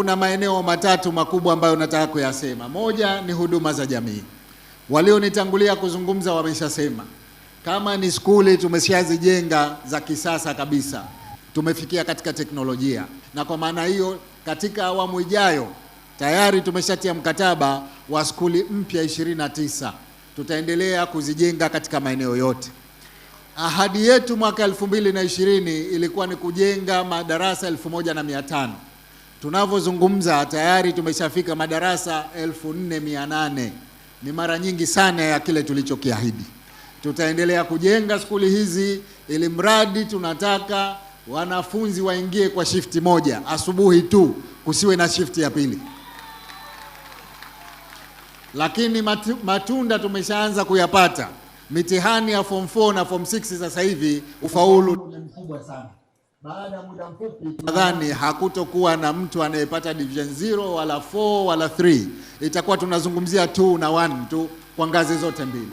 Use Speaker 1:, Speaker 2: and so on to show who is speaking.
Speaker 1: Kuna maeneo matatu makubwa ambayo nataka kuyasema. Moja ni huduma za jamii. Walionitangulia kuzungumza wameshasema, kama ni skuli tumeshazijenga za kisasa kabisa, tumefikia katika teknolojia, na kwa maana hiyo katika awamu ijayo tayari tumeshatia mkataba wa skuli mpya 29 tutaendelea kuzijenga katika maeneo yote. Ahadi yetu mwaka 2020 ilikuwa ni kujenga madarasa 1500 Tunavyozungumza tayari tumeshafika madarasa 4800 ni mara nyingi sana ya kile tulichokiahidi. Tutaendelea kujenga skuli hizi, ili mradi tunataka wanafunzi waingie kwa shifti moja asubuhi tu, kusiwe na shifti ya pili. Lakini matunda tumeshaanza kuyapata, mitihani ya form 4 na form 6 sasa hivi ufaulu
Speaker 2: mkubwa sana. Baada ya muda mfupi,
Speaker 1: nadhani hakutokuwa na mtu anayepata division 0 wala 4 wala 3, itakuwa tunazungumzia 2 na 1 tu kwa ngazi zote mbili.